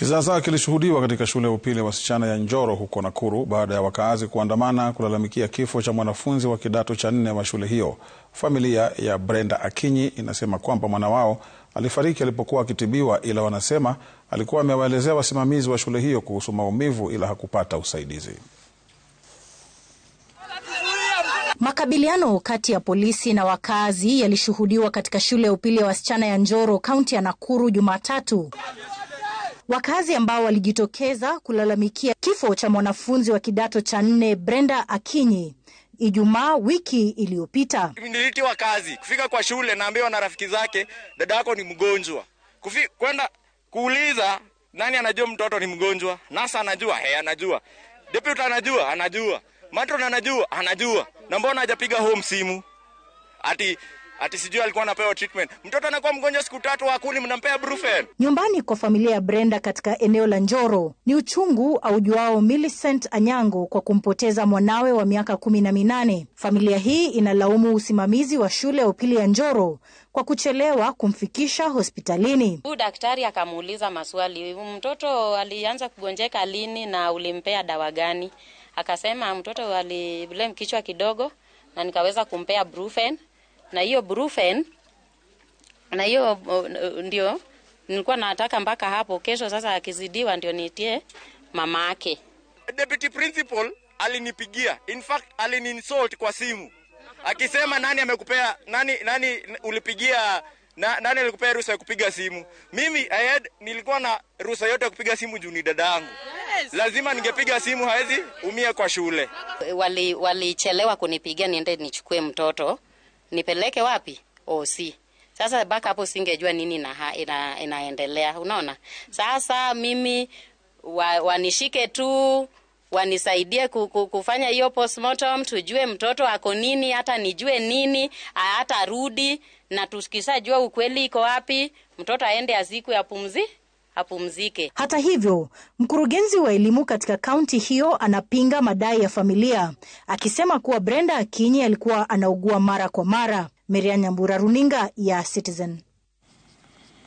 Kizaazaa kilishuhudiwa katika shule ya upili ya wasichana ya Njoro huko Nakuru baada ya wakaazi kuandamana kulalamikia kifo cha mwanafunzi wa kidato cha nne wa shule hiyo. Familia ya Brenda Akinyi inasema kwamba mwana wao alifariki alipokuwa akitibiwa, ila wanasema alikuwa amewaelezea wasimamizi wa shule hiyo kuhusu maumivu, ila hakupata usaidizi. Makabiliano kati ya polisi na wakaazi yalishuhudiwa katika shule ya upili ya wasichana ya Njoro, kaunti ya Nakuru Jumatatu. Wakazi ambao walijitokeza kulalamikia kifo cha mwanafunzi wa kidato cha nne Brenda Akinyi Ijumaa wiki iliyopita. Nilitiwa kazi kufika kwa shule, naambiwa na rafiki zake, dada yako ni mgonjwa. Kwenda kuuliza, nani anajua mtoto ni mgonjwa? Nasa anajua, he, anajua. Deputy anajua, anajua. Matron anajua, anajua. Na mbona hajapiga home simu ati ati sijui alikuwa anapewa treatment. Mtoto anakuwa mgonjwa siku tatu, hakuli, mnampea brufen. Nyumbani kwa familia ya Brenda katika eneo la Njoro ni uchungu aujuao Millicent Anyango kwa kumpoteza mwanawe wa miaka kumi na minane. Familia hii inalaumu usimamizi wa shule ya upili ya Njoro kwa kuchelewa kumfikisha hospitalini. Huyu daktari akamuuliza maswali, mtoto alianza kugonjeka lini na ulimpea dawa gani? Akasema mtoto aliblame kichwa kidogo na nikaweza kumpea brufen na hiyo brufen na hiyo ndio nilikuwa nataka mpaka hapo kesho. Sasa akizidiwa ndio nitie mama yake. Deputy principal alinipigia, in fact alininsult kwa simu akisema, nani amekupea nani, nani ulipigia na, nani alikupea ruhusa ya kupiga simu? Mimi I had, nilikuwa na ruhusa yote ya kupiga simu juu ni yangu Yes. Lazima ningepiga simu, hawezi umia kwa shule. Walichelewa wali kunipigia niende nichukue mtoto nipeleke wapi OC. Oh, sasa baka hapo singejua nini ina, ina, inaendelea. Unaona, sasa mimi wa, wanishike tu wanisaidie kufanya hiyo postmortem, tujue mtoto ako nini, hata nijue nini, hata rudi na tukishajua ukweli iko wapi, mtoto aende aziku ya pumzi apumzike. Hata hivyo, mkurugenzi wa elimu katika kaunti hiyo anapinga madai ya familia akisema kuwa Brenda Akinyi alikuwa anaugua mara kwa mara. Miriam Nyambura, runinga ya Citizen.